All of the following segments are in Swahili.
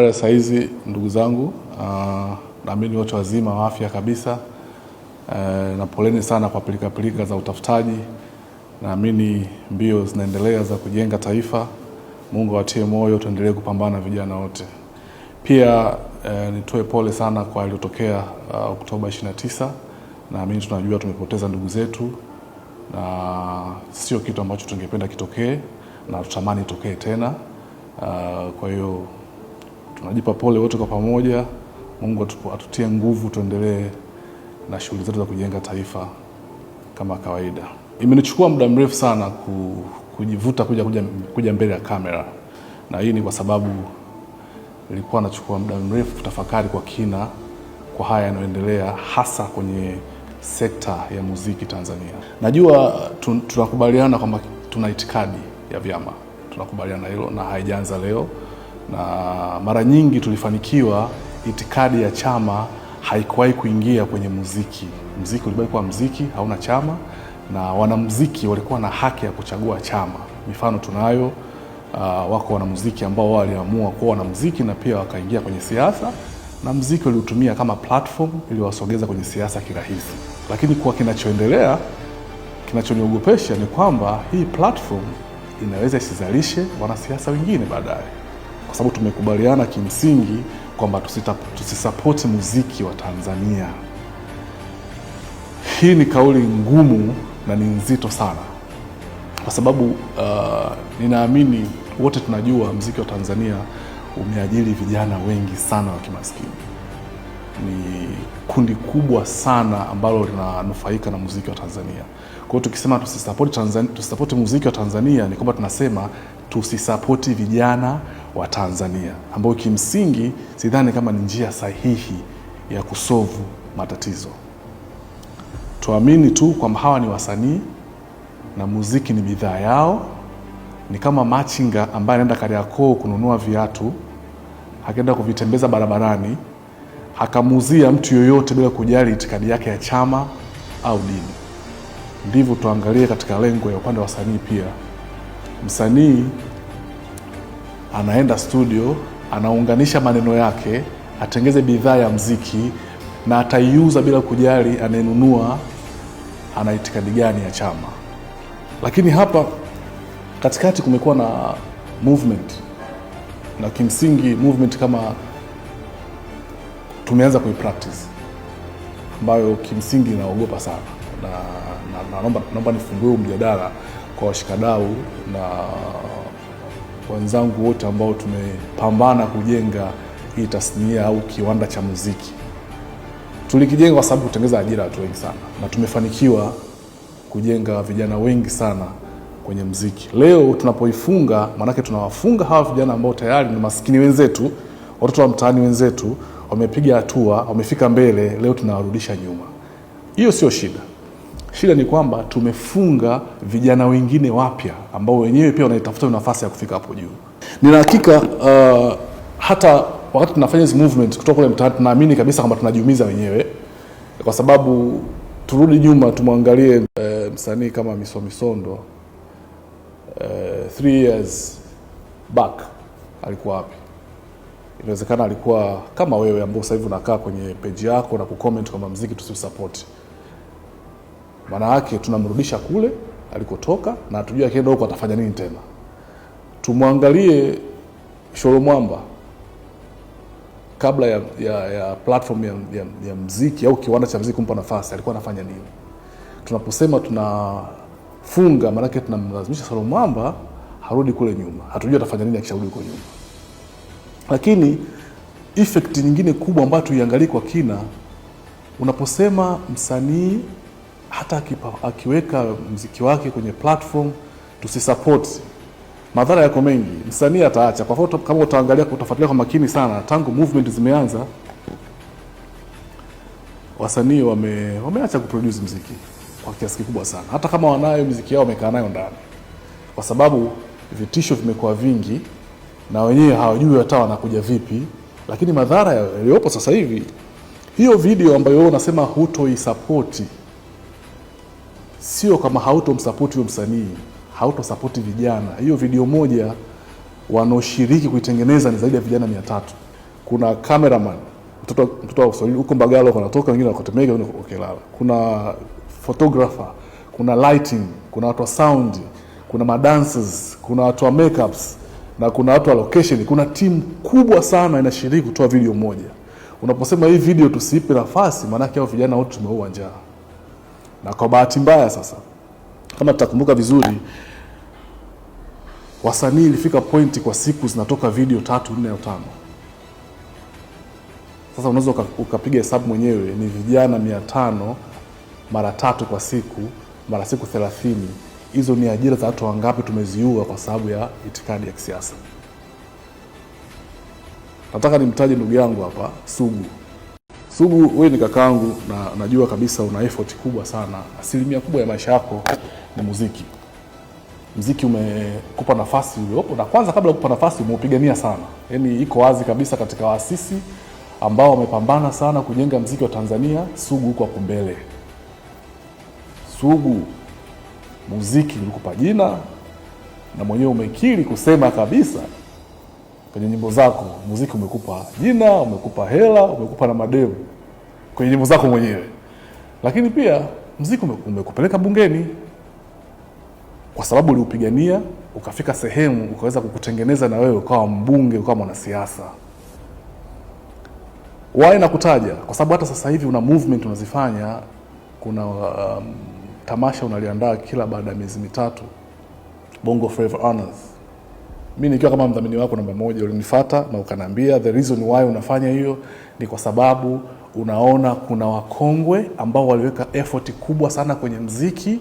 Hali saa hizi ndugu zangu, ah, naamini wote wazima wa afya kabisa Uh, na poleni sana kwa pilikapilika pilika za utafutaji. Naamini mbio zinaendelea za kujenga taifa. Mungu awatie moyo, tuendelee kupambana vijana wote. Pia uh, nitoe pole sana kwa aliyotokea uh, ah, Oktoba 29. Naamini tunajua tumepoteza ndugu zetu, na sio kitu ambacho tungependa kitokee na tutamani itokee tena. Uh, kwa hiyo tunajipa pole wote kwa pamoja. Mungu atutie nguvu, tuendelee na shughuli zetu za kujenga taifa kama kawaida. Imenichukua muda mrefu sana kujivuta kuja, kuja, kuja mbele ya kamera, na hii ni kwa sababu nilikuwa nachukua muda mrefu kutafakari kwa kina kwa haya yanayoendelea hasa kwenye sekta ya muziki Tanzania. Najua tunakubaliana kwamba tuna itikadi ya vyama, tunakubaliana hilo na haijaanza leo na mara nyingi tulifanikiwa, itikadi ya chama haikuwahi kuingia kwenye muziki. Muziki ulibaki kuwa muziki, hauna chama, na wanamuziki walikuwa na haki ya kuchagua chama. Mifano tunayo uh, wako wanamuziki ambao waliamua kuwa wanamuziki na pia wakaingia kwenye siasa, na muziki waliutumia kama platform wasogeza kwenye siasa kirahisi. Lakini kwa kinachoendelea, kinachoniogopesha ni kwamba hii platform inaweza isizalishe wanasiasa wengine baadaye kwa sababu tumekubaliana kimsingi kwamba tusisapoti muziki wa Tanzania. Hii ni kauli ngumu na ni nzito sana, kwa sababu uh, ninaamini wote tunajua muziki wa Tanzania umeajiri vijana wengi sana wa kimaskini. Ni kundi kubwa sana ambalo linanufaika na muziki wa Tanzania. Kwa hiyo tukisema tusisapoti Tanzania, tusisapoti muziki wa Tanzania ni kwamba tunasema tusisapoti vijana wa Tanzania, ambayo kimsingi sidhani kama ni njia sahihi ya kusovu matatizo. Tuamini tu kwamba hawa ni wasanii na muziki ni bidhaa yao. Ni kama machinga ambaye anaenda Kariakoo kununua viatu, akaenda kuvitembeza barabarani, akamuuzia mtu yoyote bila kujali itikadi yake ya chama au dini. Ndivyo tuangalie katika lengo ya upande wa wasanii pia msanii anaenda studio, anaunganisha maneno yake, atengeze bidhaa ya mziki na ataiuza bila kujali anayenunua ana itikadi gani ya chama. Lakini hapa katikati kumekuwa na movement, na kimsingi movement kama tumeanza kuipractice ambayo kimsingi naogopa sana na, na, na, naomba, naomba nifungue mjadala kwa washikadau na wenzangu wote ambao tumepambana kujenga hii tasnia au kiwanda cha muziki. Tulikijenga kwa sababu kutengeza ajira watu wengi sana, na tumefanikiwa kujenga vijana wengi sana kwenye mziki. Leo tunapoifunga, maanake tunawafunga hawa vijana ambao tayari ni maskini wenzetu, watoto wa mtaani wenzetu, wamepiga hatua, wamefika mbele, leo tunawarudisha nyuma. Hiyo sio shida. Shida ni kwamba tumefunga vijana wengine wapya ambao wenyewe pia wanaitafuta nafasi ya kufika hapo juu. Nina hakika uh, hata wakati tunafanya hizi movement kutoka kule mtaani, tunaamini kabisa kwamba tunajiumiza wenyewe, kwa sababu turudi nyuma tumwangalie uh, msanii kama Miso Misondo uh, three years back alikuwa wapi? Inawezekana alikuwa kama wewe ambao sasa hivi unakaa kwenye peji yako na kucomment kwamba mziki tusiusapoti maana yake tunamrudisha kule alikotoka, na tujue akienda huko atafanya nini tena. Tumwangalie Sholo Mwamba kabla ya, ya, ya platform ya, ya, ya mziki au kiwanda cha mziki kumpa nafasi, alikuwa anafanya nini? Tunaposema tunafunga, maanake tunamlazimisha Sholo Mwamba harudi kule nyuma, hatujui atafanya nini akisharudi huko nyuma. Lakini effect nyingine kubwa ambayo tuiangalie kwa kina, unaposema msanii hata akiweka mziki wake kwenye platform tusisupport, madhara yako mengi. Msanii ataacha. Kwa hivyo, kama utaangalia, utafuatilia kwa makini sana, tangu movement zimeanza wasanii wame, wameacha kuproduce mziki kwa kiasi kikubwa sana, hata kama wanayo mziki yao wamekaa nayo ndani, kwa sababu vitisho vimekuwa vingi na wenyewe hawajui hata wanakuja vipi. Lakini madhara yaliyopo sasa hivi, hiyo video ambayo unasema hutoisapoti sio kama hautomsapoti huyo msanii, hautosapoti vijana. Hiyo video moja wanaoshiriki kuitengeneza ni zaidi ya vijana mia tatu. Kuna cameraman mtoto mtoto wa Kiswahili huko Mbagala wanatoka wengine wanakotemeka wengine wakelala. Kuna photographer, kuna lighting, kuna watu wa sound, kuna madancers, kuna watu wa makeups na kuna watu wa location. Kuna timu kubwa sana inashiriki kutoa video moja. Unaposema hii video tusiipe nafasi, maana hao vijana wote tumeua njaa. Na kwa bahati mbaya sasa, kama tutakumbuka vizuri, wasanii ilifika pointi kwa siku zinatoka video tatu nne au tano. Sasa unaweza ukapiga hesabu mwenyewe, ni vijana mia tano mara tatu kwa siku mara siku thelathini. Hizo ni ajira za watu wangapi tumeziua kwa sababu ya itikadi ya kisiasa? Nataka nimtaje ndugu yangu hapa Sugu Sugu, wewe ni kakaangu na najua kabisa una effort kubwa sana. Asilimia kubwa ya maisha yako ni muziki. Muziki umekupa nafasi uliopo, na kwanza kabla kukupa nafasi umeupigania sana, yaani iko wazi kabisa katika waasisi ambao wamepambana sana kujenga muziki wa Tanzania. Sugu huko hapo mbele. Sugu, muziki ulikupa jina na mwenyewe umekiri kusema kabisa kwenye nyimbo zako. Muziki umekupa jina, umekupa hela, umekupa na mademu kwenye nyimbo zako mwenyewe, lakini pia muziki umekupeleka bungeni kwa sababu uliupigania ukafika sehemu ukaweza kukutengeneza na wewe ukawa mbunge ukawa mwanasiasa. Wae nakutaja kwa sababu hata sasa hivi una movement unazifanya. Kuna um, tamasha unaliandaa kila baada ya miezi mitatu, Bongo Flava Honors mi nikiwa kama mdhamini wako namba moja, ulinifata na ukanambia the reason why unafanya hiyo ni kwa sababu unaona kuna wakongwe ambao waliweka effort kubwa sana kwenye mziki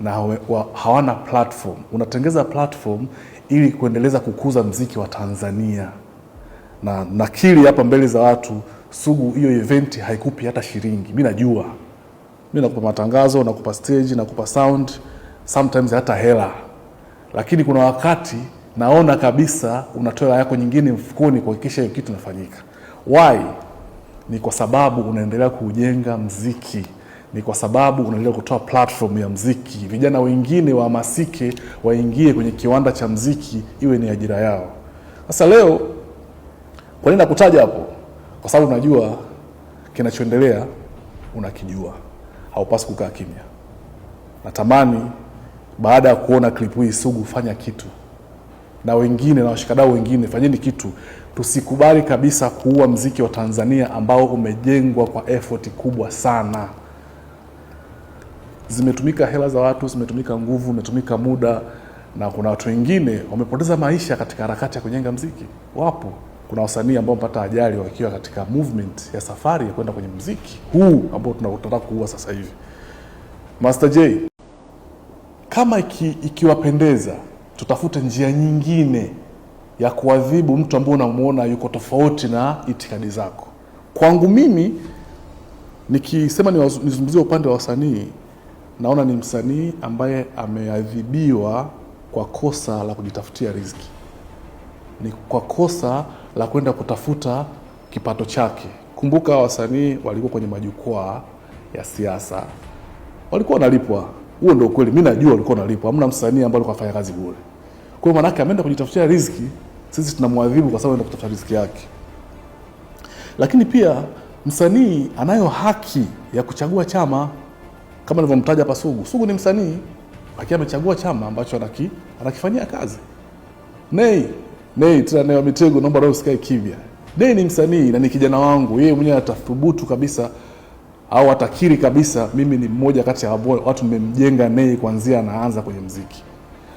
na wa, hawana platform. Unatengeza platform ili kuendeleza kukuza mziki wa Tanzania, na nakili hapa mbele za watu, Sugu, hiyo event haikupi hata shilingi. Mimi najua, mimi nakupa matangazo, nakupa stage, nakupa sound, sometimes hata hela, lakini kuna wakati naona kabisa unatoa yako nyingine mfukoni kuhakikisha hiyo kitu inafanyika. Why? Ni kwa sababu unaendelea kujenga mziki, ni kwa sababu unaendelea kutoa platform ya mziki, vijana wengine wahamasike, waingie kwenye kiwanda cha mziki, iwe ni ajira yao. Sasa leo, kwa nini nakutaja hapo? Kwa sababu unajua kinachoendelea, unakijua, haupasi kukaa kimya. Natamani baada ya kuona klipu hii, Sugu, fanya kitu na wengine na washikadau wengine, fanyeni kitu. Tusikubali kabisa kuua mziki wa Tanzania ambao umejengwa kwa effort kubwa sana. Zimetumika hela za watu, zimetumika nguvu, zimetumika muda, na kuna watu wengine wamepoteza maisha katika harakati ya kujenga mziki. Wapo, kuna wasanii ambao wamepata ajali wakiwa katika movement ya safari ya kwenda kwenye mziki huu ambao tunataka kuua sasa hivi. Master J, kama iki, ikiwapendeza tutafute njia nyingine ya kuadhibu mtu ambaye unamuona yuko tofauti na itikadi zako. Kwangu mimi nikisema nizungumzie upande wa wasanii, naona ni msanii ambaye ameadhibiwa kwa kosa la kujitafutia riziki, ni kwa kosa la kwenda kutafuta kipato chake. Kumbuka wasanii walikuwa kwenye majukwaa ya siasa, walikuwa wanalipwa huo ndio ukweli. Mimi najua walikuwa wanalipwa. Hamna msanii ambaye alikuwa afanya kazi bure. Kwa maana yake ameenda kujitafutia riziki, sisi tunamwadhibu kwa sababu anaenda kutafuta riziki yake. Lakini pia msanii anayo haki ya kuchagua chama kama nilivyomtaja hapa Sugu. Sugu ni msanii akiwa amechagua chama ambacho anaki, anakifanyia kazi. Nei, Nei tena Nei wa Mitego naomba roho usikae kivya. Nei ni msanii na ni kijana wangu. Yeye mwenyewe atathubutu kabisa au atakiri kabisa, mimi ni mmoja kati ya watu nimemjenga naye kuanzia anaanza kwenye mziki,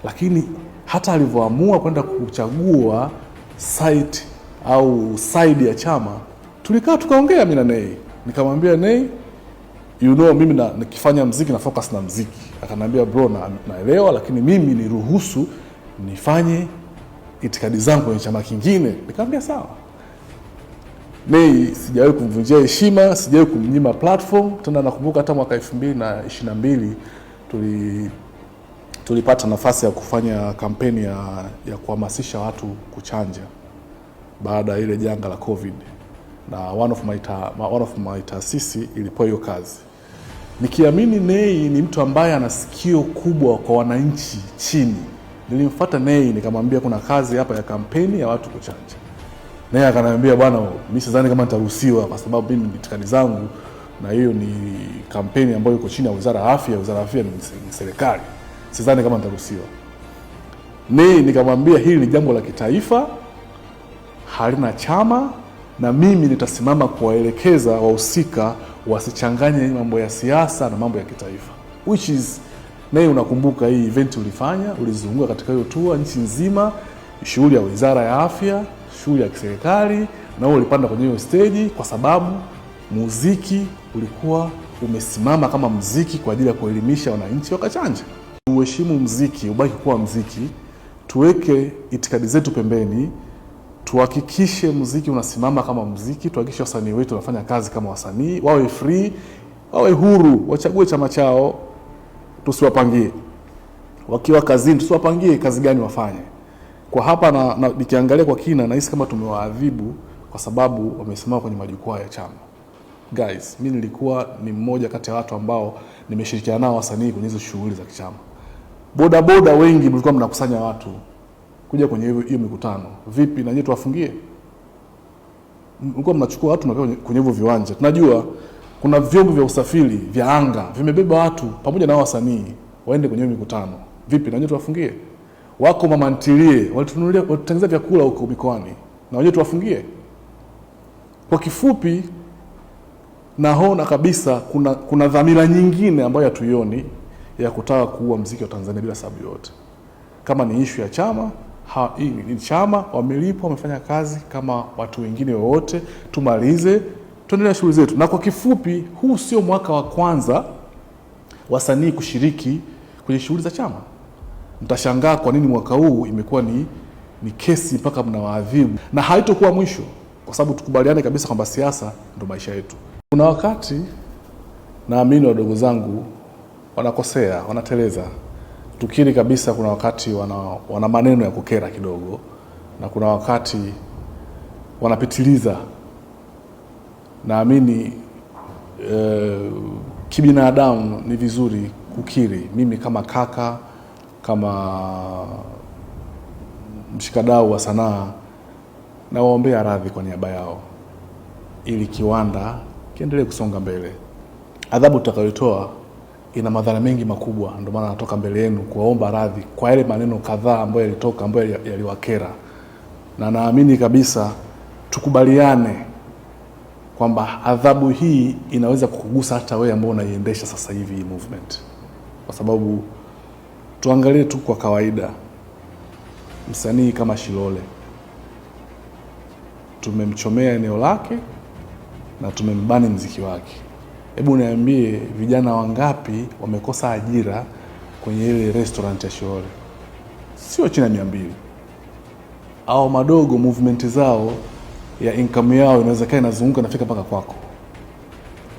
lakini hata alivyoamua kwenda kuchagua site au side ya chama, tulikaa tukaongea mimi na Nei, nikamwambia Nei, you know, mimi na, nikifanya mziki na focus na mziki. Akanambia bro, na, naelewa lakini mimi niruhusu nifanye itikadi zangu kwenye chama kingine. Nikamwambia sawa. Mei sijawahi kumvunjia heshima, sijawahi kumnyima platform. Tena nakumbuka hata mwaka 2022 tuli tulipata nafasi ya kufanya kampeni ya, ya kuhamasisha watu kuchanja baada ya ile janga la COVID, na one of my ta, one of my taasisi ilipo hiyo kazi, nikiamini Nei ni mtu ambaye ana sikio kubwa kwa wananchi chini. Nilimfuata Nei nikamwambia kuna kazi hapa ya kampeni ya watu kuchanja naye akaniambia, bwana, mimi sidhani kama nitaruhusiwa kwa sababu mimi ni itikadi zangu, na hiyo ni kampeni ambayo iko chini ya Wizara ya Afya. Wizara ya Afya ni serikali, sidhani kama nitaruhusiwa. Ni nikamwambia hili ni jambo la kitaifa, halina chama, na mimi nitasimama kuwaelekeza wahusika wasichanganye mambo ya siasa na mambo ya kitaifa, which is naye, unakumbuka hii event ulifanya, ulizunguka katika hiyo tour nchi nzima, shughuli ya Wizara ya Afya shule ya kiserikali na wewe ulipanda kwenye hiyo stage kwa sababu muziki ulikuwa umesimama kama mziki kwa ajili ya kuelimisha wananchi wakachanja. Uheshimu mziki, ubaki kuwa mziki, tuweke itikadi zetu pembeni, tuhakikishe muziki unasimama kama mziki, tuhakikishe wasanii wetu wanafanya kazi kama wasanii, wawe free, wawe huru, wachague chama chao, tusiwapangie. Wakiwa kazini, tusiwapangie kazi gani wafanye kwa hapa na, na, nikiangalia kwa kina nahisi kama tumewaadhibu kwa sababu wamesimama kwenye majukwaa ya chama. Guys, mimi nilikuwa ni mmoja kati ya watu ambao nimeshirikiana nao wasanii kwenye hizo shughuli za kichama. Boda boda wengi mlikuwa mnakusanya watu kuja kwenye hiyo mikutano. Vipi na nyinyi tuwafungie? Mlikuwa mnachukua watu mnapeleka kwenye hivyo viwanja. Tunajua kuna vyombo vya usafiri vya anga vimebeba watu pamoja na wasanii waende kwenye hiyo mikutano. Vipi na nyinyi tuwafungie? wako mama ntilie walitununulia vyakula huko mikoani, na wenyewe tuwafungie. Kwa kifupi, naona kabisa kuna, kuna dhamira nyingine ambayo hatuioni ya kutaka kuua mziki wa Tanzania bila sababu yote, Kama ni ishu ya chama ha, ni chama wamelipwa, wamefanya kazi kama watu wengine wowote, tumalize tuendelea shughuli zetu. Na kwa kifupi, huu sio mwaka wa kwanza wasanii kushiriki kwenye shughuli za chama. Mtashangaa kwa nini mwaka huu imekuwa ni, ni kesi mpaka mnawaadhibu, na haitokuwa mwisho, kwa sababu tukubaliane kabisa kwamba siasa ndo maisha yetu. Kuna wakati naamini wadogo zangu wanakosea, wanateleza. Tukiri kabisa, kuna wakati wana, wana maneno ya kukera kidogo, na kuna wakati wanapitiliza. Naamini eh, kibinadamu ni vizuri kukiri. Mimi kama kaka kama mshikadau wa sanaa, nawaombea radhi kwa niaba yao, ili kiwanda kiendelee kusonga mbele. Adhabu tutakayotoa ina madhara mengi makubwa, ndio maana natoka mbele yenu kuwaomba radhi kwa yale maneno kadhaa ambayo yalitoka, ambayo yaliwakera, na naamini kabisa tukubaliane kwamba adhabu hii inaweza kukugusa hata wewe ambao unaiendesha sasa hivi movement, kwa sababu tuangalie tu kwa kawaida, msanii kama Shilole tumemchomea eneo lake na tumembani mziki wake. Hebu niambie, vijana wangapi wamekosa ajira kwenye ile restaurant ya Shilole? Sio chini ya mia mbili. Au madogo movement zao ya income yao inawezekana inazunguka nafika mpaka kwako.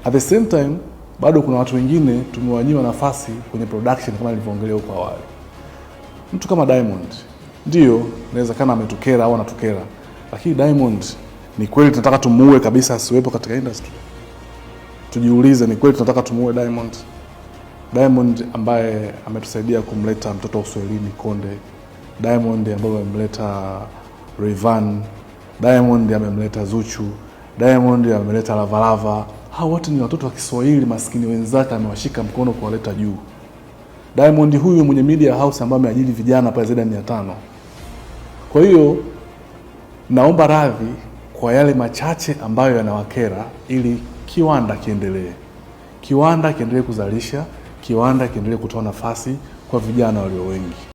At the same time bado kuna watu wengine tumewanyima nafasi kwenye production kama nilivyoongelea huko awali. Mtu kama Diamond ndio inawezekana ametukera au anatukera, lakini Diamond ni kweli tunataka tumuue kabisa asiwepo katika industry? Tujiulize, ni kweli tunataka tumuue Diamond? Diamond ambaye ametusaidia kumleta mtoto wa Uswahilini Konde, Diamond ambaye amemleta Rayvanny, Diamond amemleta Zuchu, Diamond ameleta Lavalava Hawa watu ni watoto wa Kiswahili maskini wenzake amewashika mkono kuwaleta juu. Diamond huyu mwenye media house ambaye ameajiri vijana pale zaidi ya mia tano. Kwa hiyo naomba radhi kwa yale machache ambayo yanawakera, ili kiwanda kiendelee, kiwanda kiendelee kuzalisha, kiwanda kiendelee kutoa nafasi kwa vijana walio wengi.